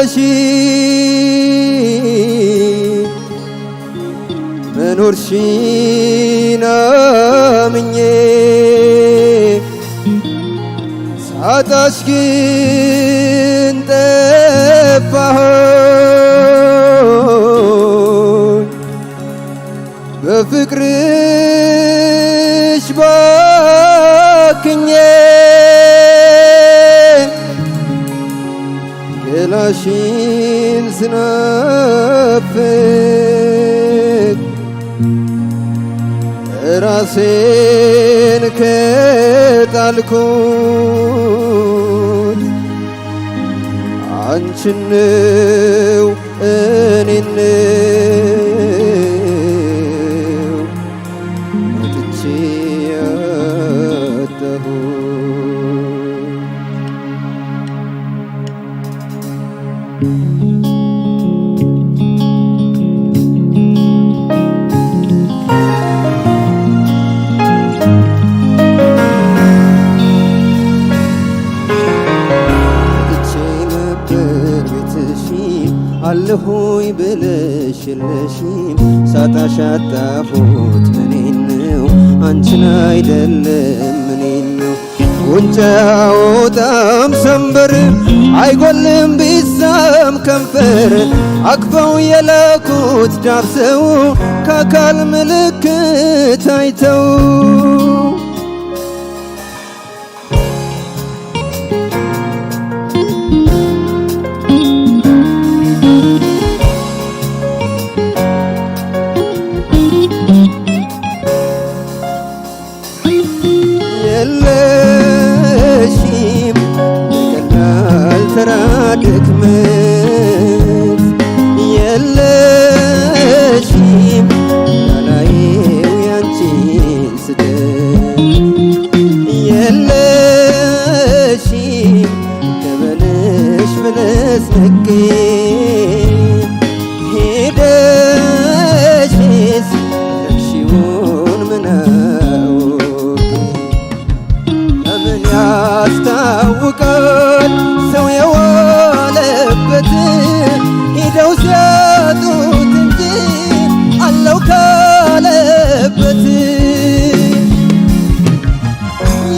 አለሽ መኖርሽን አምኜ ሳጣሽ ግን ጠፋሁ አልጋሽን ስናፍቅ ራሴን ከጣልኩት አንቺን ነው እኔን ብልሽልሽም ሳጣሽ አጣሁት እኔን ነው አንችን አይደለም እኔን ነው ጉንጫ ወጣም ሰንበር አይጎልም ቢሳም ከንፈር አቅፈው የላኩት ዳብሰው ከአካል ምልክት አይተው ካለበት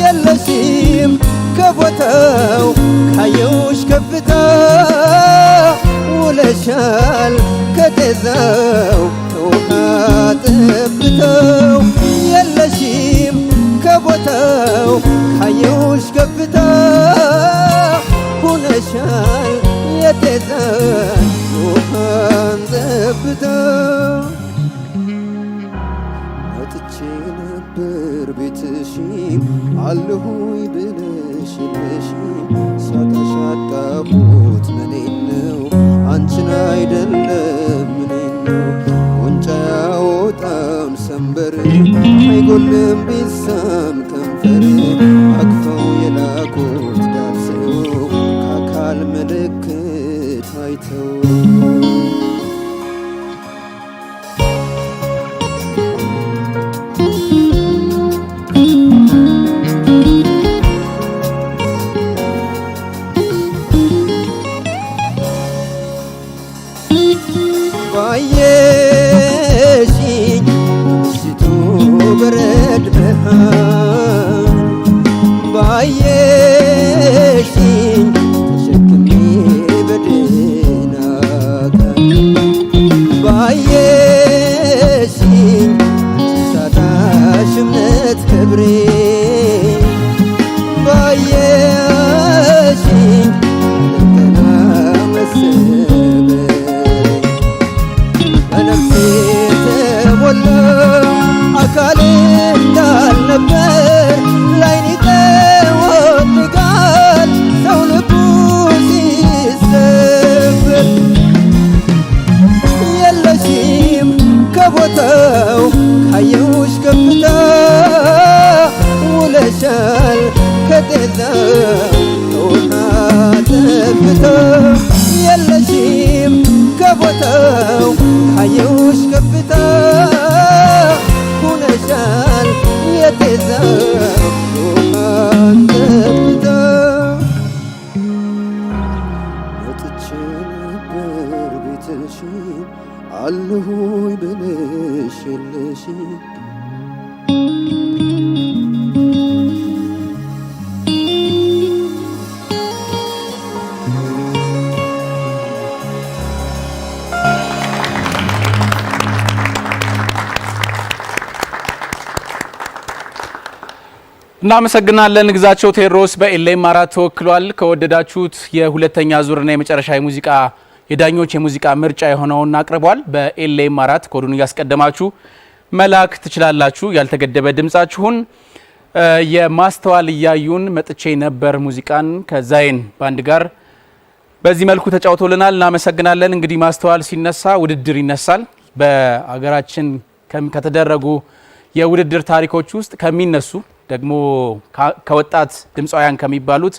የለሽም ከቦታው ካየውሽ ከፍታ ውለሻል ከጤዛው ውሃ ጠብታው የለሽም ከቦታው ካየውሽ ከፍታ ውለሻል የጤዛው ውሃን ጠብታው መጥቼ ነበር ቤትሽም አለሁኝ ብለሽ የለሽም። ሳጣሽ ምኔ ነው አንቺን አይደለም ምኔ ነው ቁንጫ ያወጣውን ሰንበር አይጎልም ቢሳም ከንፈር febre. በጤዛ ከውሃ ጠብታ የለሽም ከቦታው ካየሁሽ ከፍታ እናመሰግናለን ግዛቸው ቴዎድሮስ በኤሌም አራት ተወክሏል። ከወደዳችሁት የሁለተኛ ዙርና የመጨረሻ የሙዚቃ የዳኞች የሙዚቃ ምርጫ የሆነውን አቅርቧል። በኤሌም አራት ኮዱን እያስቀደማችሁ መላክ ትችላላችሁ። ያልተገደበ ድምጻችሁን የማስተዋል እያዩን መጥቼ ነበር ሙዚቃን ከዛይን ባንድ ጋር በዚህ መልኩ ተጫውቶልናል። እናመሰግናለን። እንግዲህ ማስተዋል ሲነሳ ውድድር ይነሳል። በአገራችን ከተደረጉ የውድድር ታሪኮች ውስጥ ከሚነሱ ደግሞ ከወጣት ድምፃውያን ከሚባሉት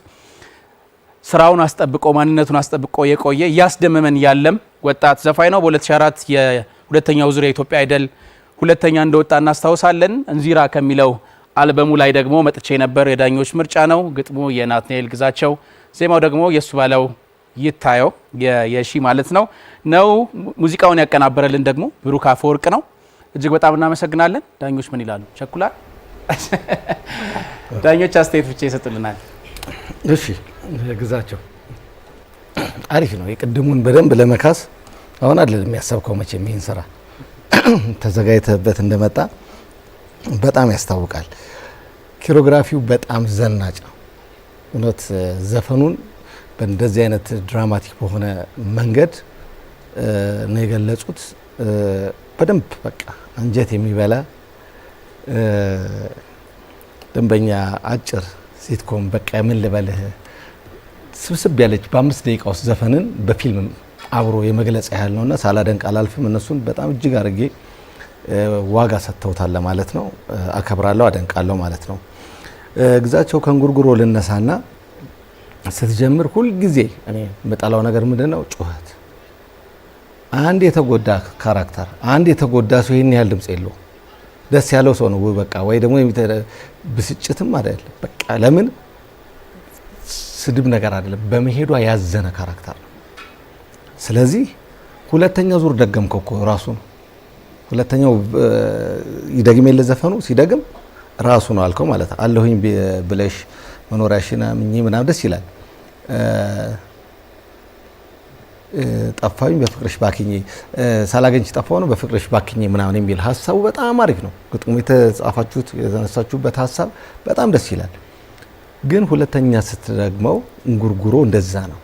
ስራውን አስጠብቆ ማንነቱን አስጠብቆ የቆየ እያስደመመን ያለም ወጣት ዘፋኝ ነው። በ2004 የሁለተኛው ዙር የኢትዮጵያ አይደል ሁለተኛ እንደወጣ እናስታውሳለን። እንዚራ ከሚለው አልበሙ ላይ ደግሞ መጥቼ ነበር የዳኞች ምርጫ ነው። ግጥሙ የናትናኤል ግዛቸው፣ ዜማው ደግሞ የእሱ ባለው ይታየው የሺ ማለት ነው ነው ሙዚቃውን ያቀናበረልን ደግሞ ብሩክ አፈወርቅ ነው። እጅግ በጣም እናመሰግናለን። ዳኞች ምን ይላሉ? ቸኩላ ዳኞች አስተያየት ብቻ ይሰጡልናል። እሺ ግዛቸው፣ አሪፍ ነው። የቅድሙን በደንብ ለመካስ አሁን አለ የሚያሰብከው መቼም ይህን ስራ ተዘጋጅተህበት እንደመጣ በጣም ያስታውቃል። ኪሮግራፊው በጣም ዘናጭ ነው። እውነት ዘፈኑን በእንደዚህ አይነት ድራማቲክ በሆነ መንገድ ነው የገለጹት። በደንብ በቃ አንጀት የሚበላ ደንበኛ አጭር ሴትኮም በቃ ምን ልበልህ ስብስብ ያለች በአምስት ደቂቃ ውስጥ ዘፈንን በፊልም አብሮ የመግለጽ ያህል ነውና ሳላደንቅ አላልፍም። እነሱን በጣም እጅግ አድርጌ ዋጋ ሰጥተውታል ማለት ነው። አከብራለሁ፣ አደንቃለሁ ማለት ነው። ግዛቸው ከእንጉርጉሮ ልነሳና ስትጀምር ሁልጊዜ እኔ የምጠላው ነገር ምንድን ነው? ጩኸት። አንድ የተጎዳ ካራክተር፣ አንድ የተጎዳ ሰው ይህን ያህል ድምፅ የለውም ደስ ያለው ሰው ነው በቃ ወይ ደግሞ ብስጭትም አይደለም። በቃ ለምን ስድብ ነገር አይደለም፣ በመሄዷ ያዘነ ካራክተር ነው። ስለዚህ ሁለተኛ ዙር ደገምከው እኮ ራሱ ነው። ሁለተኛው ይደግም የለ ዘፈኑ ሲደግም ራሱ ነው አልከው ማለት አለሁኝ ብለሽ መኖሪያሽን አምኜ ምናምን ደስ ይላል። ጠፋኝ በፍቅርሽ ባክኜ ሳላገኝ ጠፋው ነው በፍቅርሽ ባክኜ ምናምን የሚል ሀሳቡ በጣም አሪፍ ነው። ግጥሙ የተጻፋችሁት የተነሳችሁበት ሀሳብ በጣም ደስ ይላል። ግን ሁለተኛ ስትደግመው እንጉርጉሮ እንደዛ ነው።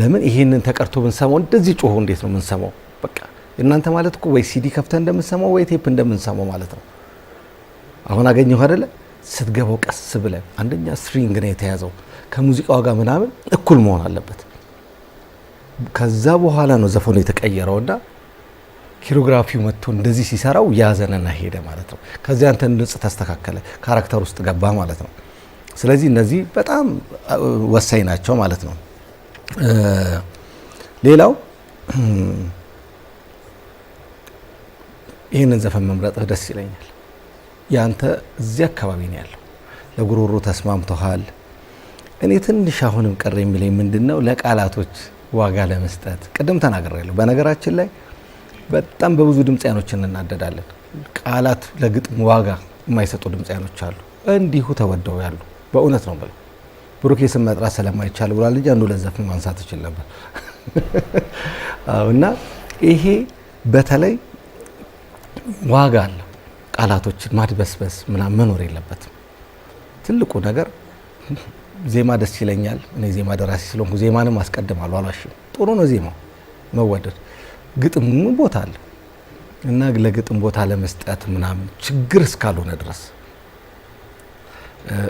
ለምን ይሄንን ተቀርቶ ብንሰማው እንደዚህ ጮሆ እንዴት ነው የምንሰማው? በቃ እናንተ ማለት እኮ ወይ ሲዲ ከፍተ እንደምንሰማው ወይ ቴፕ እንደምንሰማው ማለት ነው። አሁን አገኘሁ አይደለ? ስትገባው ቀስ ብለ አንደኛ ስትሪንግ ነው የተያዘው ከሙዚቃው ጋር ምናምን እኩል መሆን አለበት። ከዛ በኋላ ነው ዘፈኑ የተቀየረው እና ኪሮግራፊው መጥቶ እንደዚህ ሲሰራው ያዘነና ሄደ ማለት ነው። ከዚ አንተ ንጽ ተስተካከለ፣ ካራክተር ውስጥ ገባ ማለት ነው። ስለዚህ እነዚህ በጣም ወሳኝ ናቸው ማለት ነው። ሌላው ይህንን ዘፈን መምረጥህ ደስ ይለኛል። ያንተ እዚህ አካባቢ ነው ያለው፣ ለጉሮሮ ተስማምተሃል። እኔ ትንሽ አሁንም ቅር የሚለኝ ምንድን ነው ለቃላቶች ዋጋ ለመስጠት ቅድም ተናግሬያለሁ። በነገራችን ላይ በጣም በብዙ ድምፃያኖች እንናደዳለን። ቃላት ለግጥም ዋጋ የማይሰጡ ድምፃያኖች አሉ፣ እንዲሁ ተወደው ያሉ። በእውነት ነው ብለው ብሩኬ ስም መጥራት ስለማይቻል ብሏል እንጂ አንዱ ለዘፍን ማንሳት ይችል ነበር እና ይሄ በተለይ ዋጋ አለ። ቃላቶችን ማድበስበስ ምናምን መኖር የለበትም። ትልቁ ነገር ዜማ ደስ ይለኛል። እኔ ዜማ ደራሲ ስለሆንኩ ዜማንም አስቀድማለሁ። አላሽም ጥሩ ነው ዜማው መወደድ፣ ግጥም ቦታ አለ እና ለግጥም ቦታ ለመስጠት ምናምን ችግር እስካልሆነ ድረስ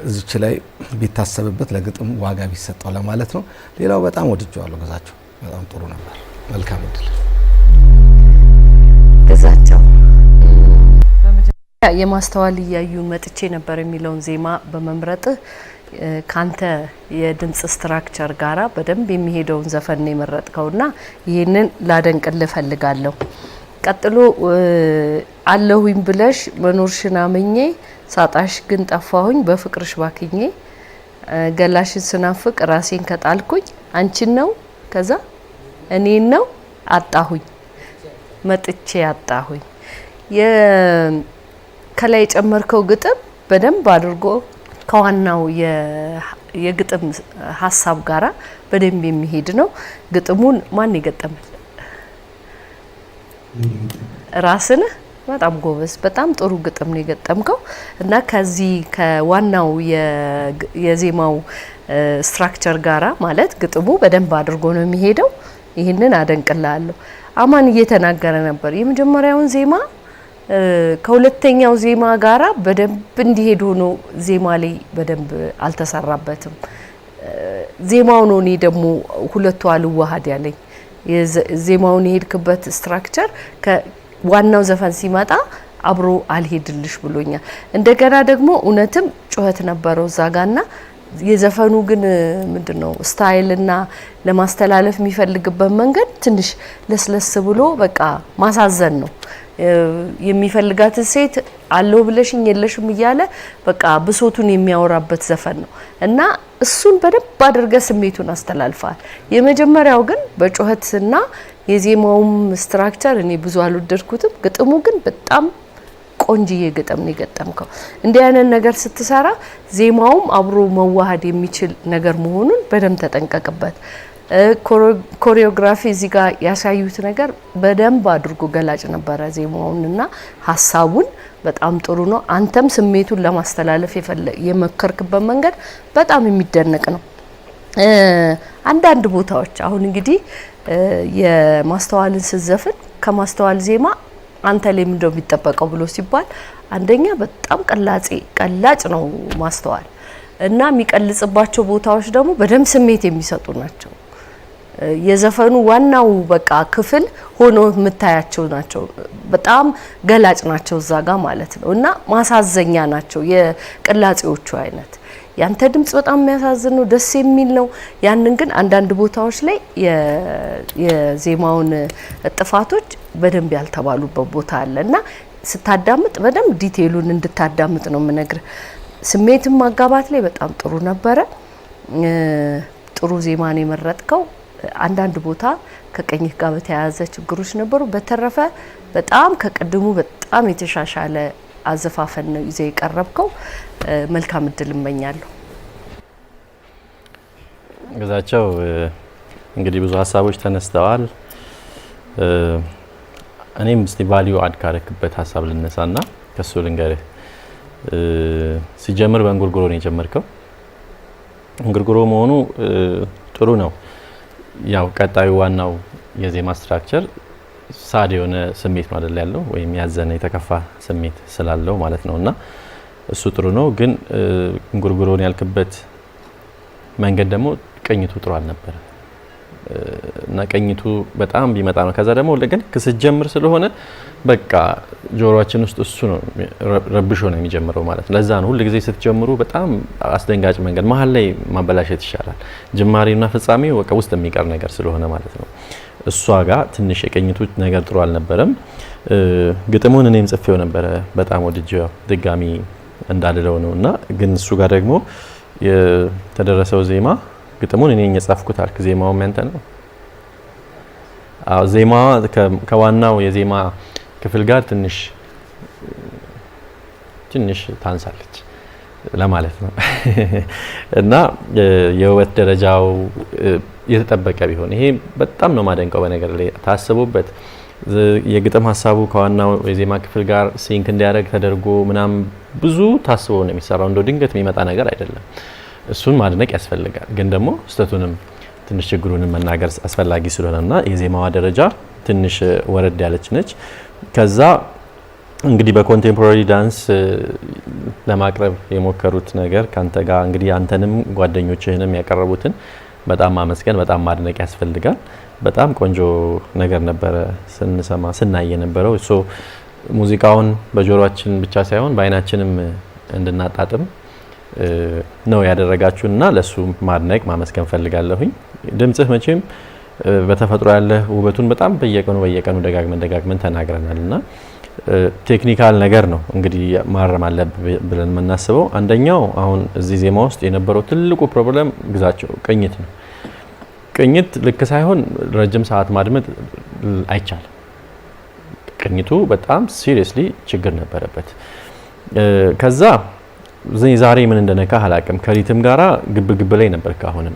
እዚች ላይ ቢታሰብበት ለግጥም ዋጋ ቢሰጠው ለማለት ነው። ሌላው በጣም ወድጀዋለሁ። ገዛቸው በጣም ጥሩ ነበር። መልካም እድል ገዛቸው። የማስተዋል እያዩ መጥቼ ነበር የሚለውን ዜማ በመምረጥህ ካንተ የድምጽ ስትራክቸር ጋራ በደንብ የሚሄደውን ዘፈን ነው የመረጥከውና ይህንን ላደንቅ ልፈልጋለሁ። ቀጥሎ አለሁኝ ብለሽ መኖርሽን አምኜ ሳጣሽ ግን ጠፋሁኝ በፍቅርሽ ባክኜ ገላሽን ስናፍቅ ራሴን ከጣልኩኝ አንቺን ነው ከዛ እኔን ነው አጣሁኝ መጥቼ አጣሁኝ። ከላይ የጨመርከው ግጥም በደንብ አድርጎ ከዋናው የግጥም ሀሳብ ጋር በደንብ የሚሄድ ነው። ግጥሙን ማን የገጠመል? ራስን በጣም ጎበዝ፣ በጣም ጥሩ ግጥም ነው የገጠምከው እና ከዚህ ከዋናው የዜማው ስትራክቸር ጋራ ማለት ግጥሙ በደንብ አድርጎ ነው የሚሄደው። ይህንን አደንቅላለሁ። አማን እየተናገረ ነበር የመጀመሪያውን ዜማ ከሁለተኛው ዜማ ጋር በደንብ እንዲሄድ ሆኖ ዜማ ላይ በደንብ አልተሰራበትም። ዜማው ነው እኔ ደግሞ ሁለቱ አልዋሃድ ያለኝ ዜማውን የሄድክበት ስትራክቸር ዋናው ዘፈን ሲመጣ አብሮ አልሄድልሽ ብሎኛል። እንደገና ደግሞ እውነትም ጩኸት ነበረው እዛ ጋና የዘፈኑ ግን ምንድን ነው ስታይልና ለማስተላለፍ የሚፈልግበት መንገድ ትንሽ ለስለስ ብሎ በቃ ማሳዘን ነው። የሚፈልጋትን ሴት አለው ብለሽኝ የለሽም እያለ በቃ ብሶቱን የሚያወራበት ዘፈን ነው እና እሱን በደንብ አድርገ ስሜቱን አስተላልፈዋል። የመጀመሪያው ግን በጩኸትና የዜማውም ስትራክቸር እኔ ብዙ አልወደድኩትም። ግጥሙ ግን በጣም ቆንጅዬ ግጥም ነው የገጠምከው። እንዲህ አይነት ነገር ስትሰራ ዜማውም አብሮ መዋሃድ የሚችል ነገር መሆኑን በደንብ ተጠንቀቅበት። ኮሪዮግራፊ እዚህ ጋር ያሳዩት ነገር በደንብ አድርጎ ገላጭ ነበረ። ዜማውንና ሀሳቡን በጣም ጥሩ ነው። አንተም ስሜቱን ለማስተላለፍ የመከርክበት መንገድ በጣም የሚደነቅ ነው። አንዳንድ ቦታዎች አሁን እንግዲህ የማስተዋልን ስዘፍን ከማስተዋል ዜማ አንተ ላይ ምንድ የሚጠበቀው ብሎ ሲባል አንደኛ በጣም ቀላጼ ቀላጭ ነው ማስተዋል እና የሚቀልጽባቸው ቦታዎች ደግሞ በደንብ ስሜት የሚሰጡ ናቸው። የዘፈኑ ዋናው በቃ ክፍል ሆኖ የምታያቸው ናቸው። በጣም ገላጭ ናቸው እዛ ጋ ማለት ነው እና ማሳዘኛ ናቸው የቅላጼዎቹ አይነት ያንተ ድምጽ በጣም የሚያሳዝን ነው፣ ደስ የሚል ነው። ያንን ግን አንዳንድ ቦታዎች ላይ የዜማውን ጥፋቶች በደንብ ያልተባሉበት ቦታ አለ እና ስታዳምጥ በደንብ ዲቴሉን እንድታዳምጥ ነው የምነግርህ። ስሜትን ማጋባት ላይ በጣም ጥሩ ነበረ። ጥሩ ዜማን የመረጥከው። አንዳንድ ቦታ ከቀኝህ ጋር በተያያዘ ችግሮች ነበሩ። በተረፈ በጣም ከቅድሙ በጣም የተሻሻለ አዘፋፈን ነው ይዘ የቀረብከው። መልካም እድል እመኛለሁ። ግዛቸው እንግዲህ ብዙ ሀሳቦች ተነስተዋል። እኔም ስ ቫሊዩ አድ ካረክበት ሀሳብ ልነሳ ና ከሱ ልንገርህ። ሲጀምር በእንጉርጉሮ ነው የጀመርከው። እንጉርጉሮ መሆኑ ጥሩ ነው። ያው ቀጣዩ ዋናው የዜማ ስትራክቸር ሳድ የሆነ ስሜት ነው አደል ያለው ወይም ያዘነ የተከፋ ስሜት ስላለው ማለት ነው እና እሱ ጥሩ ነው። ግን እንጉርጉሮን ያልክበት መንገድ ደግሞ ቅኝቱ ጥሩ አልነበረ እና ቅኝቱ በጣም ቢመጣ ነው። ከዛ ደግሞ ግን ስጀምር ስለሆነ በቃ ጆሮችን ውስጥ እሱ ነው ረብሾ ነው የሚጀምረው ማለት ነው። ለዛ ነው ሁል ጊዜ ስትጀምሩ በጣም አስደንጋጭ መንገድ መሀል ላይ ማበላሸት ይሻላል። ጅማሬና ፍጻሜው በቃ ውስጥ የሚቀር ነገር ስለሆነ ማለት ነው። እሷ ጋር ትንሽ የቅኝቱ ነገር ጥሩ አልነበረም። ግጥሙን እኔም ጽፌው ነበረ በጣም ወድጄ ድጋሚ እንዳልለው ነው እና ግን እሱ ጋር ደግሞ የተደረሰው ዜማ ግጥሙን እኔ የጻፍኩት አልክ፣ ዜማው ያንተ ነው። አዎ ከዋናው የዜማ ክፍል ጋር ትንሽ ትንሽ ታንሳለች ለማለት ነው እና የውበት ደረጃው የተጠበቀ ቢሆን ይሄ በጣም ነው ማደንቀው። በነገር ላይ ታስቦበት የግጥም ሀሳቡ ከዋናው የዜማ ክፍል ጋር ሲንክ እንዲያደርግ ተደርጎ ምናም ብዙ ታስቦ ነው የሚሰራው። እንደ ድንገት የሚመጣ ነገር አይደለም። እሱን ማድነቅ ያስፈልጋል። ግን ደግሞ ስህተቱንም ትንሽ ችግሩንም መናገር አስፈላጊ ስለሆነና የዜማዋ ደረጃ ትንሽ ወረድ ያለች ነች። ከዛ እንግዲህ በኮንቴምፖራሪ ዳንስ ለማቅረብ የሞከሩት ነገር ከአንተ ጋር እንግዲህ አንተንም ጓደኞችህንም ያቀረቡትን በጣም ማመስገን በጣም ማድነቅ ያስፈልጋል። በጣም ቆንጆ ነገር ነበረ ስንሰማ ስናይ የነበረው እሱ ሙዚቃውን በጆሮችን ብቻ ሳይሆን በአይናችንም እንድናጣጥም ነው ያደረጋችሁ እና ለሱ ማድነቅ ማመስገን ፈልጋለሁኝ። ድምጽህ መቼም በተፈጥሮ ያለ ውበቱን በጣም በየቀኑ በየቀኑ ደጋግመን ደጋግመን ተናግረናል እና ቴክኒካል ነገር ነው እንግዲህ ማረም አለብ ብለን የምናስበው። አንደኛው አሁን እዚህ ዜማ ውስጥ የነበረው ትልቁ ፕሮብለም ግዛቸው ቅኝት ነው። ቅኝት ልክ ሳይሆን ረጅም ሰዓት ማድመጥ አይቻልም። ቅኝቱ በጣም ሲሪየስሊ ችግር ነበረበት። ከዛ ዛሬ ምን እንደነካ አላቅም። ከሪትም ጋራ ግብ ግብ ላይ ነበር። ካሁንም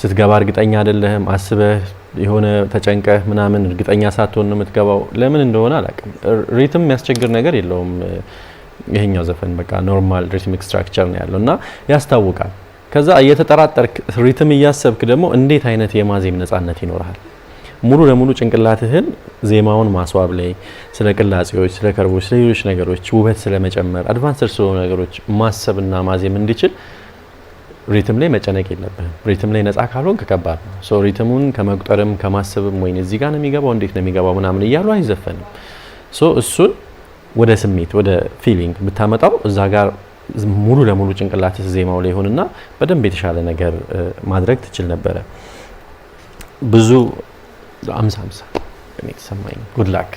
ስትገባ እርግጠኛ አይደለህም። አስበህ የሆነ ተጨንቀህ ምናምን እርግጠኛ ሳትሆን ነው የምትገባው። ለምን እንደሆነ አላቅም። ሪትም የሚያስቸግር ነገር የለውም። ይሄኛው ዘፈን በቃ ኖርማል ሪትሚክ ስትራክቸር ነው ያለው እና ያስታውቃል። ከዛ እየተጠራጠርክ ሪትም እያሰብክ ደግሞ እንዴት አይነት የማዜም ነጻነት ይኖርሃል? ሙሉ ለሙሉ ጭንቅላትህን ዜማውን ማስዋብ ላይ፣ ስለ ቅላጼዎች፣ ስለ ከርቦች፣ ስለ ሌሎች ነገሮች ውበት ስለመጨመር አድቫንስድ ስለሆኑ ነገሮች ማሰብና ማዜም እንዲችል ሪትም ላይ መጨነቅ የለብህም። ሪትም ላይ ነጻ ካልሆን ከከባድ ነው። ሪትሙን ከመቁጠርም ከማሰብም ወይ እዚህ ጋር ነው የሚገባው እንዴት ነው የሚገባው ምናምን እያሉ አይዘፈንም። ሶ እሱን ወደ ስሜት ወደ ፊሊንግ ብታመጣው እዛ ጋር ሙሉ ለሙሉ ጭንቅላት ዜማው ላይ ሆንና በደንብ የተሻለ ነገር ማድረግ ትችል ነበረ። ብዙ አምሳ አምሳ እኔ ተሰማኝ። ጉድ ላክ